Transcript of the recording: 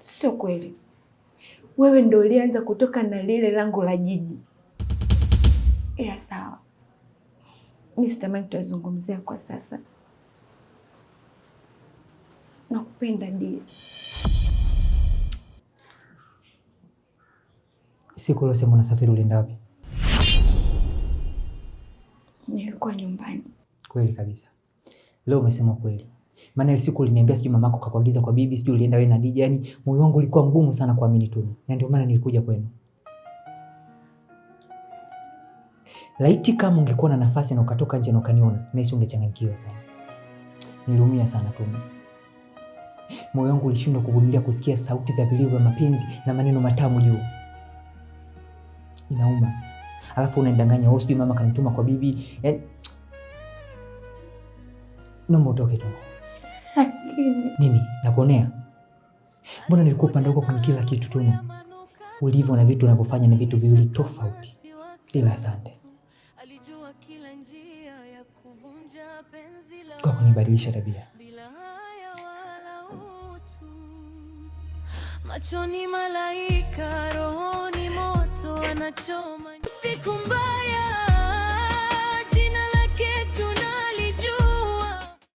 Sio kweli, wewe ndio ulianza kutoka na lile lango la jiji. Ila sawa, mi sitamani tutazungumzia kwa sasa. Nakupenda Dia. Siku losema unasafiri ulienda wapi? Nilikuwa nyumbani. Kweli kabisa. Leo umesema kweli. Maana ile siku uliniambia sijui mamako kakuagiza kwa bibi, sijui ulienda wewe na DJ, yani moyo wangu ulikuwa mgumu sana kuamini tu. Na ndio maana nilikuja kwenu. Laiti kama ungekuwa na nafasi na ukatoka nje na ukaniona, nahisi ungechanganyikiwa sana. Niliumia sana tu. Moyo wangu ulishindwa kuvumilia kusikia sauti za vilio vya mapenzi na maneno matamu juu. Inauma. Alafu unaendanganya wewe, sijui mama kanituma kwa bibi. Yaani, naomba utoke tu. Lakini nini? Nakuonea? Mbona nilikuwa upande wako kwenye kila kitu tu. Ulivyo na vitu unavyofanya ni vitu viwili tofauti, ila asante kwa kunibadilisha tabia. Machoni malaika, rohoni moto anachoma.